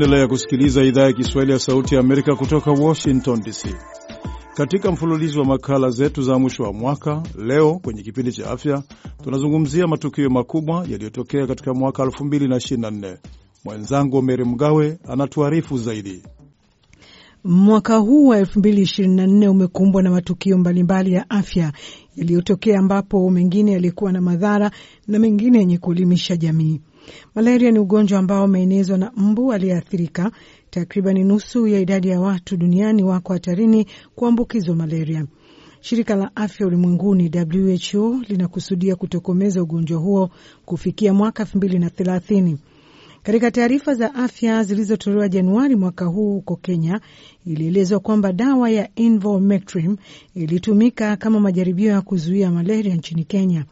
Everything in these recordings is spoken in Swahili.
Unaendelea kusikiliza idhaa ya Kiswahili ya Sauti ya Amerika kutoka Washington DC. Katika mfululizo wa makala zetu za mwisho wa mwaka, leo kwenye kipindi cha afya tunazungumzia matukio makubwa yaliyotokea katika mwaka 2024. Mwenzangu Meri Mgawe anatuarifu zaidi. Mwaka huu wa 2024 umekumbwa na matukio mbalimbali ya afya yaliyotokea, ambapo mengine yalikuwa na madhara na mengine yenye kuelimisha jamii. Malaria ni ugonjwa ambao umeenezwa na mbu aliyeathirika. Takriban nusu ya idadi ya watu duniani wako hatarini kuambukizwa malaria. Shirika la afya ulimwenguni WHO linakusudia kutokomeza ugonjwa huo kufikia mwaka 2030. Katika taarifa za afya zilizotolewa Januari mwaka huu huko Kenya, ilielezwa kwamba dawa ya Involmetrim ilitumika kama majaribio ya kuzuia malaria nchini Kenya.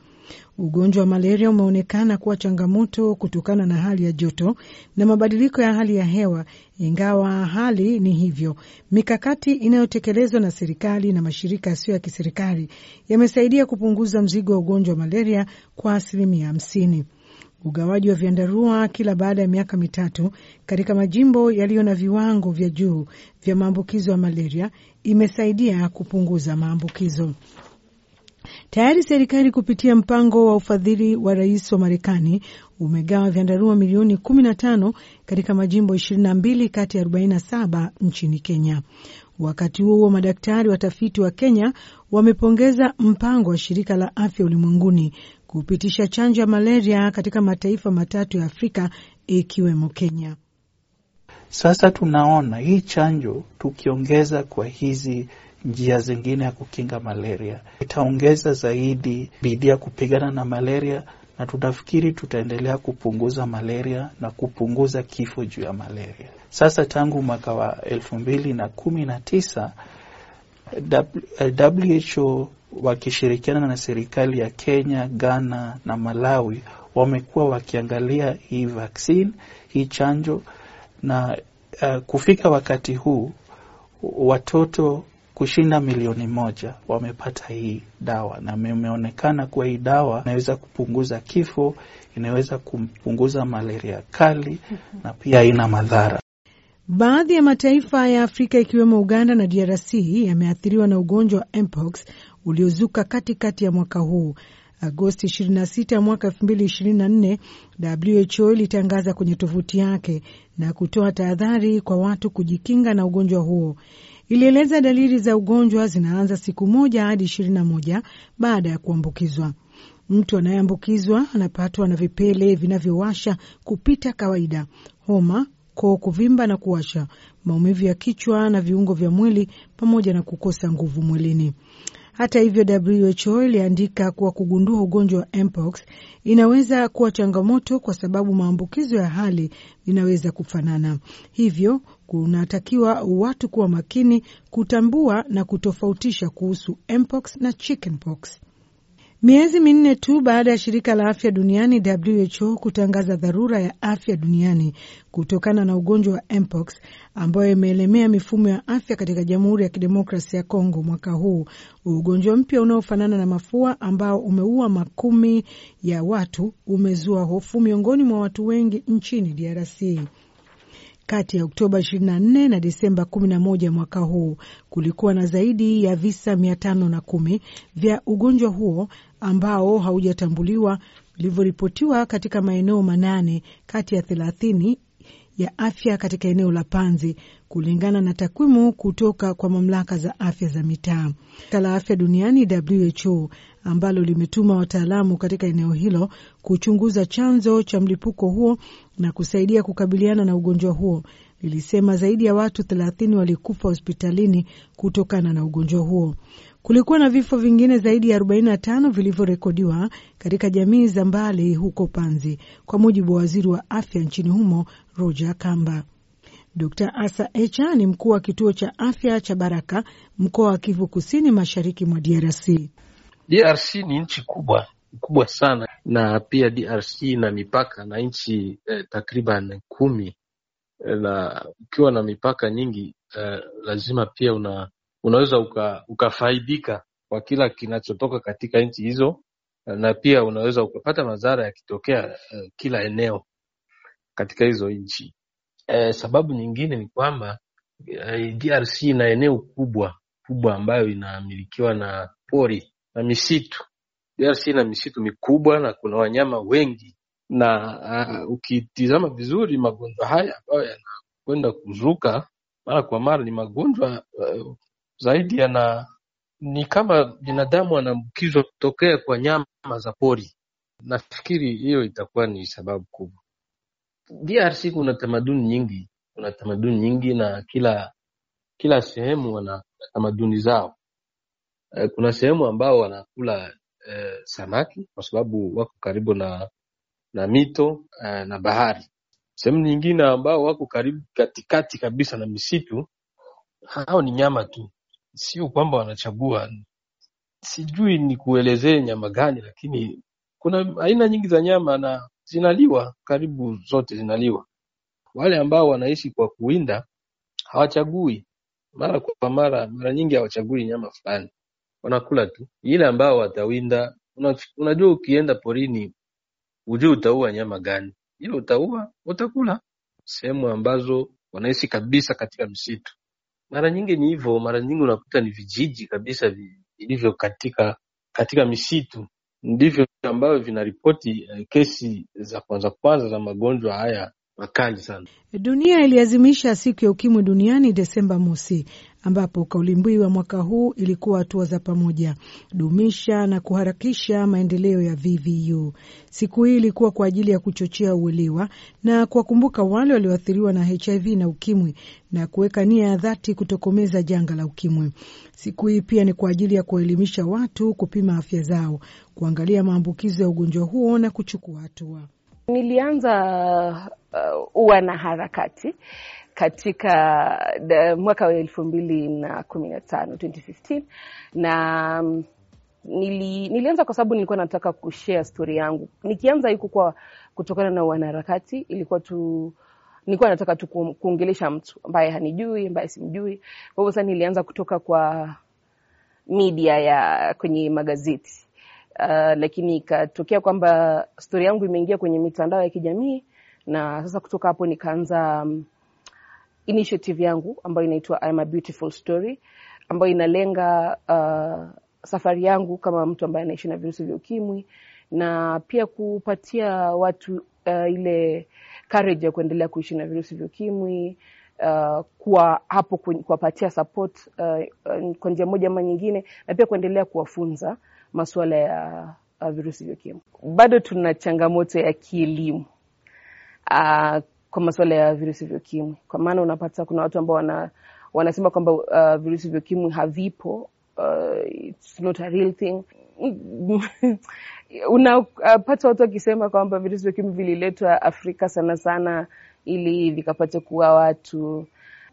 Ugonjwa wa malaria umeonekana kuwa changamoto kutokana na hali ya joto na mabadiliko ya hali ya hewa. Ingawa hali ni hivyo, mikakati inayotekelezwa na serikali na mashirika yasiyo ya kiserikali yamesaidia kupunguza mzigo wa ugonjwa wa malaria kwa asilimia hamsini. Ugawaji wa vyandarua kila baada ya miaka mitatu katika majimbo yaliyo na viwango vya juu vya maambukizo ya malaria imesaidia kupunguza maambukizo. Tayari serikali kupitia mpango wa ufadhili wa rais wa Marekani umegawa vyandarua milioni 15 katika majimbo 22 kati ya 47 nchini Kenya. Wakati huo huo, madaktari watafiti wa Kenya wamepongeza mpango wa shirika la afya ulimwenguni kupitisha chanjo ya malaria katika mataifa matatu ya Afrika ikiwemo Kenya. Sasa tunaona hii chanjo tukiongeza kwa hizi njia zingine ya kukinga malaria. Itaongeza zaidi bidii ya kupigana na malaria, na tunafikiri tutaendelea kupunguza malaria na kupunguza kifo juu ya malaria. Sasa tangu mwaka wa elfu mbili na kumi na tisa WHO wakishirikiana na serikali ya Kenya, Ghana na Malawi wamekuwa wakiangalia hii vaccine, hii chanjo na uh, kufika wakati huu watoto kushinda milioni moja wamepata hii dawa, na imeonekana kuwa hii dawa inaweza kupunguza kifo, inaweza kupunguza malaria kali mhm. na pia haina madhara. Baadhi ya mataifa ya Afrika ikiwemo Uganda na DRC yameathiriwa na ugonjwa wa mpox uliozuka katikati kati ya mwaka huu. Agosti 26 mwaka 2024, WHO ilitangaza kwenye tovuti yake na kutoa tahadhari kwa watu kujikinga na ugonjwa huo ilieleza dalili za ugonjwa zinaanza siku moja hadi ishirini na moja baada ya kuambukizwa. Mtu anayeambukizwa anapatwa na vipele vinavyowasha kupita kawaida, homa, koo kuvimba na kuwasha, maumivu ya kichwa na viungo vya mwili, pamoja na kukosa nguvu mwilini. Hata hivyo, WHO iliandika kuwa kugundua ugonjwa wa mpox inaweza kuwa changamoto kwa sababu maambukizo ya hali inaweza kufanana, hivyo kunatakiwa watu kuwa makini kutambua na kutofautisha kuhusu mpox na chickenpox. Miezi minne tu baada ya shirika la afya duniani WHO kutangaza dharura ya afya duniani kutokana na ugonjwa wa mpox ambayo imeelemea mifumo ya afya katika Jamhuri ya Kidemokrasia ya Kongo mwaka huu, ugonjwa mpya unaofanana na mafua ambao umeua makumi ya watu umezua hofu miongoni mwa watu wengi nchini DRC. Kati ya Oktoba 24 na Disemba 11 mwaka huu kulikuwa na zaidi ya visa 510 vya ugonjwa huo ambao haujatambuliwa vilivyoripotiwa katika maeneo manane kati ya 30 ya afya katika eneo la Panzi kulingana na takwimu kutoka kwa mamlaka za afya za mitaa. Shirika la afya duniani WHO ambalo limetuma wataalamu katika eneo hilo kuchunguza chanzo cha mlipuko huo na kusaidia kukabiliana na ugonjwa huo lilisema zaidi ya watu 30 walikufa hospitalini kutokana na ugonjwa huo. Kulikuwa na vifo vingine zaidi ya 45 vilivyorekodiwa katika jamii za mbali huko Panzi, kwa mujibu wa waziri wa afya nchini humo Roger Kamba. Dr Asa Echa ni mkuu wa kituo cha afya cha Baraka, mkoa wa Kivu Kusini, mashariki mwa DRC. DRC ni nchi kubwa kubwa sana, na pia DRC ina mipaka na nchi eh, takriban kumi, eh, na ukiwa na mipaka nyingi eh, lazima pia una, unaweza uka, ukafaidika kwa kila kinachotoka katika nchi hizo, na pia unaweza ukapata madhara yakitokea uh, kila eneo katika hizo nchi Eh, sababu nyingine ni kwamba eh, DRC ina eneo kubwa kubwa ambayo inamilikiwa na pori na misitu. DRC ina misitu mikubwa na kuna wanyama wengi, na uh, ukitizama vizuri magonjwa haya ambayo yanakwenda kuzuka mara kwa mara ni magonjwa uh, zaidi yana ni kama binadamu anaambukizwa kutokea kwa nyama za pori. Nafikiri hiyo itakuwa ni sababu kubwa. DRC kuna tamaduni nyingi, kuna tamaduni nyingi na kila kila sehemu wana tamaduni zao. E, kuna sehemu ambao wanakula e, samaki kwa sababu wako karibu na na mito e, na bahari. Sehemu nyingine ambao wako karibu katikati kabisa na misitu, hao ni nyama tu, sio kwamba wanachagua. Sijui ni kuelezee nyama gani, lakini kuna aina nyingi za nyama na zinaliwa, karibu zote zinaliwa. Wale ambao wanaishi kwa kuwinda hawachagui mara kwa mara, mara nyingi hawachagui nyama fulani, wanakula tu ile ambao watawinda. unajua ukienda porini ujue utaua nyama gani, ile utaua utakula. Sehemu ambazo wanaishi kabisa katika msitu, mara nyingi ni hivyo. Mara nyingi unakuta ni vijiji kabisa vilivyo katika katika misitu ndivyo ambavyo vinaripoti eh, kesi za kwanza kwanza za magonjwa haya makali sana. Dunia iliazimisha siku ya ukimwi duniani Desemba mosi ambapo kauli mbiu ya mwaka huu ilikuwa hatua za pamoja, dumisha na kuharakisha maendeleo ya VVU. Siku hii ilikuwa kwa ajili ya kuchochea uelewa na kuwakumbuka wale walioathiriwa na HIV na ukimwi na kuweka nia ya dhati kutokomeza janga la ukimwi. Siku hii pia ni kwa ajili ya kuwaelimisha watu kupima afya zao, kuangalia maambukizo ya ugonjwa huo na kuchukua hatua. Nilianza uh, uwa na harakati katika da, mwaka wa elfu mbili na kumi na tano 2015 na mm, nili, nilianza kwa sababu nilikuwa nataka kushare stori yangu. Nikianza huku kwa kutokana na wanaharakati, ilikuwa tu nilikuwa nataka tu kuongelesha mtu ambaye hanijui, ambaye simjui. Kwa hivyo sasa nilianza kutoka kwa media ya kwenye magazeti uh, lakini ikatokea kwamba stori yangu imeingia kwenye mitandao ya kijamii na sasa kutoka hapo nikaanza um, initiative yangu ambayo inaitwa I'm a Beautiful Story ambayo inalenga uh, safari yangu kama mtu ambaye anaishi na virusi vya ukimwi na pia kupatia watu uh, ile courage ya kuendelea kuishi na virusi vya ukimwi uh, kuwa hapo kuwapatia support uh, kwa njia moja ama nyingine, na pia kuendelea kuwafunza masuala ya uh, virusi vya ukimwi. Bado tuna changamoto ya kielimu uh, kwa masuala ya virusi vya ukimwi, kwa maana unapata kuna watu ambao wana, wanasema kwamba uh, virusi vya ukimwi havipo. Uh, it's not a real thing. Unapata uh, watu wakisema kwamba virusi vya ukimwi vililetwa Afrika sana sana ili vikapate kuua watu.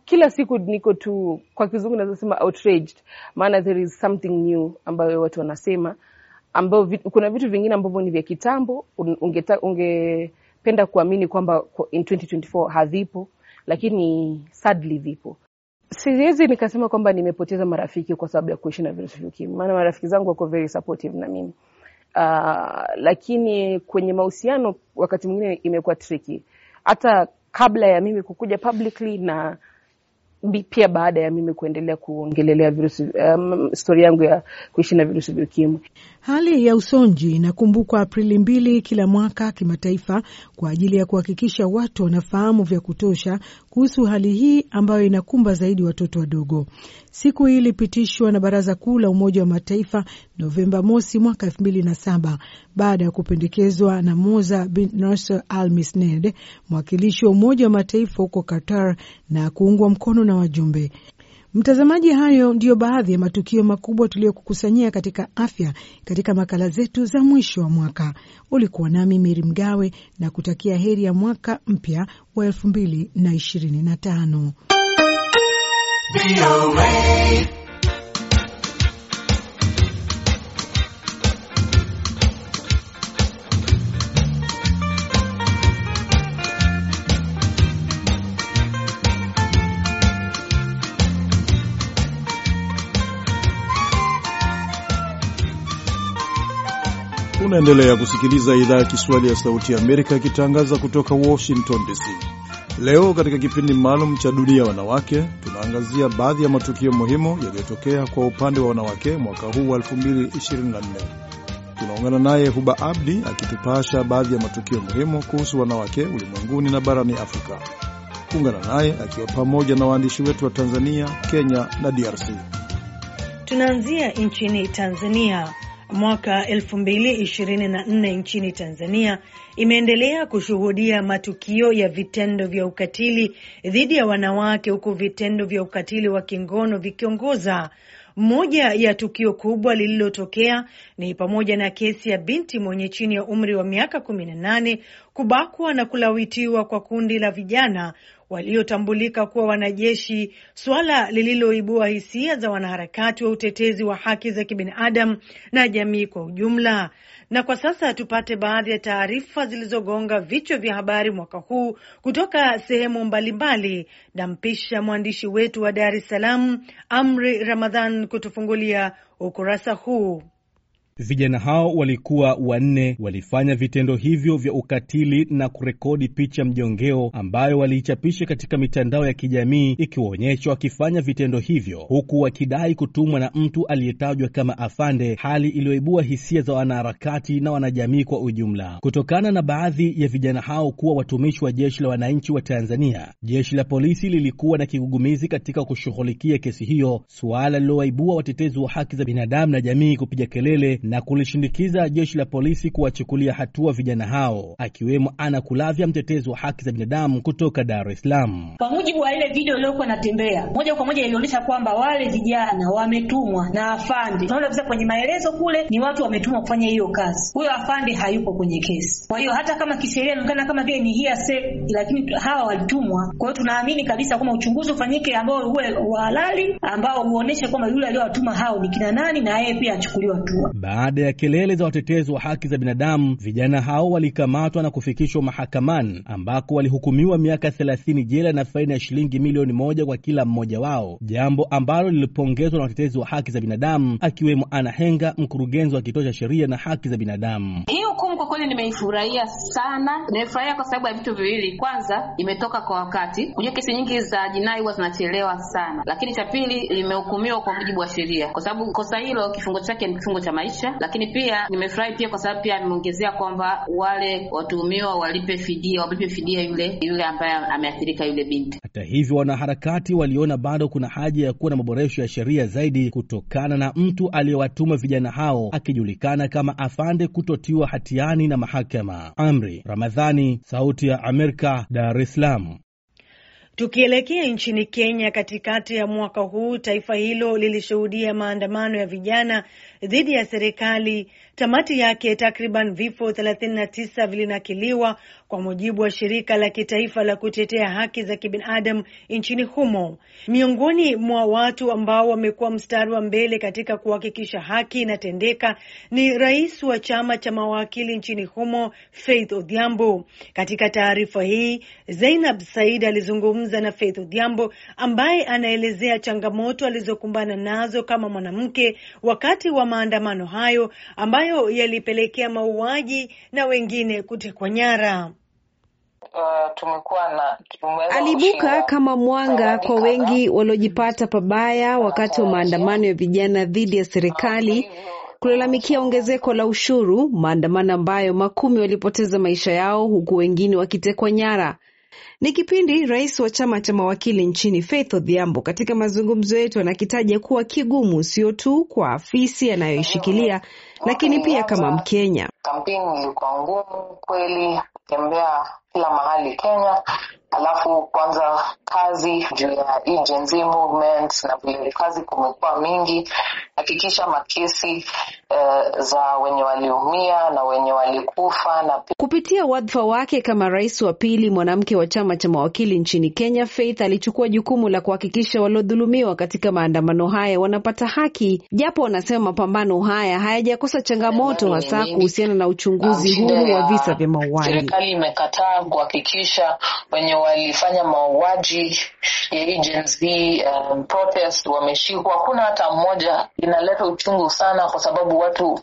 Kila siku niko tu, kwa kizungu naweza sema outraged, maana there is something new ambayo watu wanasema, ambao kuna vitu vingine ambavyo ni vya kitambo unge, unge ningependa kuamini kwamba in 2024 hazipo, lakini sadly vipo. Siwezi nikasema kwamba nimepoteza marafiki kwa sababu ya kuishi na virusi vya ukimwi, maana marafiki zangu wako very supportive na mimi uh, lakini kwenye mahusiano wakati mwingine imekuwa tricky, hata kabla ya mimi kukuja publicly na pia baada ya mimi kuendelea kuongelelea virusi um, stori yangu ya kuishi na virusi vya ukimwi. Hali ya usonji inakumbukwa Aprili mbili kila mwaka kimataifa kwa ajili ya kuhakikisha watu wanafahamu vya kutosha kuhusu hali hii ambayo inakumba zaidi watoto wadogo. Siku hii ilipitishwa na Baraza Kuu la Umoja wa Mataifa Novemba mosi mwaka elfu mbili na saba baada ya kupendekezwa na Moza bin Nasser Al Misned, mwakilishi wa Umoja wa Mataifa huko Qatar, na kuungwa mkono na wajumbe. Mtazamaji, hayo ndiyo baadhi ya matukio makubwa tuliyokukusanyia katika afya katika makala zetu za mwisho wa mwaka. Ulikuwa nami Meri Mgawe na kutakia heri ya mwaka mpya wa elfu mbili na ishirini na tano. Unaendelea kusikiliza idhaa ya Kiswahili ya Sauti ya Amerika ikitangaza kutoka Washington DC. Leo katika kipindi maalum cha dunia ya wanawake tunaangazia baadhi ya matukio muhimu yaliyotokea kwa upande wa wanawake mwaka huu wa 2024. Tunaungana naye Huba Abdi akitupasha baadhi ya matukio muhimu kuhusu wanawake ulimwenguni na barani Afrika. Kuungana naye akiwa pamoja na waandishi wetu wa Tanzania, Kenya na DRC. Tunaanzia nchini Tanzania mwaka 2024 nchini Tanzania imeendelea kushuhudia matukio ya vitendo vya ukatili dhidi ya wanawake huku vitendo vya ukatili wa kingono vikiongoza. Moja ya tukio kubwa lililotokea ni pamoja na kesi ya binti mwenye chini ya umri wa miaka 18 kubakwa na kulawitiwa kwa kundi la vijana waliotambulika kuwa wanajeshi, suala lililoibua hisia za wanaharakati wa utetezi wa haki za kibinadamu na jamii kwa ujumla. Na kwa sasa tupate baadhi ya taarifa zilizogonga vichwa vya habari mwaka huu kutoka sehemu mbalimbali. Nampisha mwandishi wetu wa Dar es Salaam, Amri Ramadhan, kutufungulia ukurasa huu. Vijana hao walikuwa wanne, walifanya vitendo hivyo vya ukatili na kurekodi picha mjongeo ambayo waliichapisha katika mitandao ya kijamii ikiwaonyesha wakifanya vitendo hivyo, huku wakidai kutumwa na mtu aliyetajwa kama afande, hali iliyoibua hisia za wanaharakati na wanajamii kwa ujumla, kutokana na baadhi ya vijana hao kuwa watumishi wa jeshi la wananchi wa Tanzania. Jeshi la polisi lilikuwa na kigugumizi katika kushughulikia kesi hiyo, suala lililowaibua watetezi wa haki za binadamu na jamii kupiga kelele na kulishindikiza jeshi la polisi kuwachukulia hatua vijana hao, akiwemo Ana Kulavya, mtetezi wa haki za binadamu kutoka Dar es Salaam. Kwa mujibu wa ile video iliyokuwa inatembea moja kwa moja, ilionyesha kwamba wale vijana wametumwa na afande, tunaona kwenye maelezo kule ni watu wametumwa kufanya hiyo kazi. Huyo afande hayupo kwenye kesi, kwa hiyo hata kama kisheria inaonekana kama vile ni hearsay, lakini hawa walitumwa. Kwa hiyo tunaamini kabisa kwamba uchunguzi ufanyike ambao uwe halali, ambao uoneshe kwamba yule aliyowatuma hao ni kina nani, na yeye pia achukuliwe hatua. Baada ya kelele za watetezi wa haki za binadamu, vijana hao walikamatwa na kufikishwa mahakamani ambako walihukumiwa miaka 30 jela na faini ya shilingi milioni moja kwa kila mmoja wao, jambo ambalo lilipongezwa na watetezi wa haki za binadamu akiwemo Ana Henga, mkurugenzi wa kituo cha sheria na haki za binadamu. Hii hukumu kwa kweli nimeifurahia sana, nimefurahia kwa sababu ya vitu viwili. Kwanza, imetoka kwa wakati. Unajua kesi nyingi za jinai huwa zinachelewa sana, lakini cha pili, limehukumiwa kwa mujibu wa sheria, kwa sababu kosa hilo kifungo chake ni kifungo cha maisha kutosha, lakini pia nimefurahi pia kwa sababu pia ameongezea kwamba wale watuhumiwa walipe fidia, walipe fidia yule yule ambaye ameathirika yule binti. Hata hivyo, wanaharakati waliona bado kuna haja ya kuwa na maboresho ya sheria zaidi kutokana na mtu aliyewatuma vijana hao akijulikana kama afande kutotiwa hatiani na mahakama. Amri Ramadhani, Sauti ya Amerika, Dar es Salaam. Tukielekea nchini Kenya, katikati ya mwaka huu, taifa hilo lilishuhudia maandamano ya vijana dhidi ya serikali. Tamati yake takriban vifo 39 vilinakiliwa kwa mujibu wa shirika la kitaifa la kutetea haki za kibinadamu nchini humo, miongoni mwa watu ambao wamekuwa mstari wa mbele katika kuhakikisha haki inatendeka ni rais wa chama cha mawakili nchini humo Faith Odhiambo. Katika taarifa hii, Zainab Said alizungumza na Faith Odhiambo ambaye anaelezea changamoto alizokumbana nazo kama mwanamke wakati wa maandamano hayo ambayo yalipelekea mauaji na wengine kutekwa nyara uh, alibuka aliibuka kama mwanga kwa wengi waliojipata pabaya wakati wa maandamano ya vijana dhidi ya serikali kulalamikia ongezeko la ushuru, maandamano ambayo makumi walipoteza maisha yao huku wengine wakitekwa nyara. Ni kipindi rais wa chama cha mawakili nchini Faith Odhiambo katika mazungumzo yetu anakitaja kuwa kigumu, sio tu kwa afisi anayoishikilia lakini pia kama Mkenya. Kampeni ilikuwa ngumu kweli, kila mahali Kenya, alafu kwanza kazi juu ya hii Gen Z movement na vile kazi kumekuwa mingi, hakikisha makesi eh, za wenye waliumia na wenye walikufa na kupitia wadhifa wake kama rais wa pili mwanamke wa chama cha mawakili nchini Kenya, Faith alichukua jukumu la kuhakikisha waliodhulumiwa katika maandamano haya wanapata haki, japo wanasema mapambano haya hayajakosa changamoto, yaani hasa kuhusiana na uchunguzi ah, huru wa visa vya mauaji. Serikali imekataa kuhakikisha wenye walifanya mauaji ya hii Gen Z um, protest wameshikwa. Hakuna hata mmoja. Inaleta uchungu sana, kwa sababu watu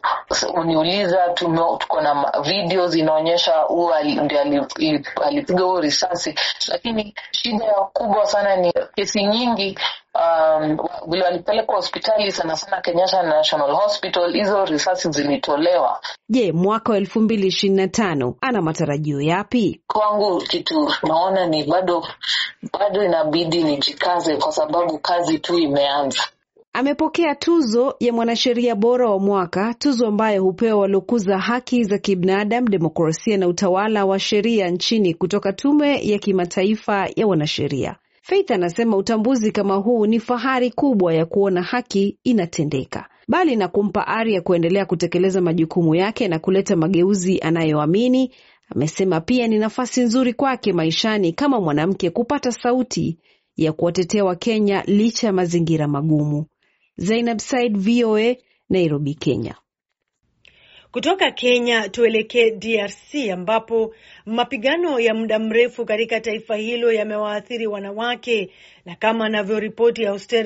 uniuliza, tuko na video zinaonyesha huo alipiga huo risasi, lakini shida kubwa sana ni kesi nyingi um, vile walipelekwa hospitali sana sana Kenyatta National Hospital, hizo risasi zilitolewa. Je, mwaka wa elfu mbili ishirini na tano ana matarajio yapi? Kwangu kitu naona ni bado bado inabidi nijikaze, kwa sababu kazi tu imeanza. Amepokea tuzo ya mwanasheria bora wa mwaka, tuzo ambayo hupewa waliokuza haki za kibinadamu, demokrasia na utawala wa sheria nchini kutoka Tume ya Kimataifa ya Wanasheria. Faith anasema utambuzi kama huu ni fahari kubwa ya kuona haki inatendeka, bali na kumpa ari ya kuendelea kutekeleza majukumu yake na kuleta mageuzi anayoamini. Amesema pia ni nafasi nzuri kwake maishani kama mwanamke kupata sauti ya kuwatetea Wakenya licha ya mazingira magumu. Zainab Said, VOA, Nairobi, Kenya. Kutoka Kenya tuelekee DRC ambapo mapigano ya muda mrefu katika taifa hilo yamewaathiri wanawake, na kama anavyoripoti Austeri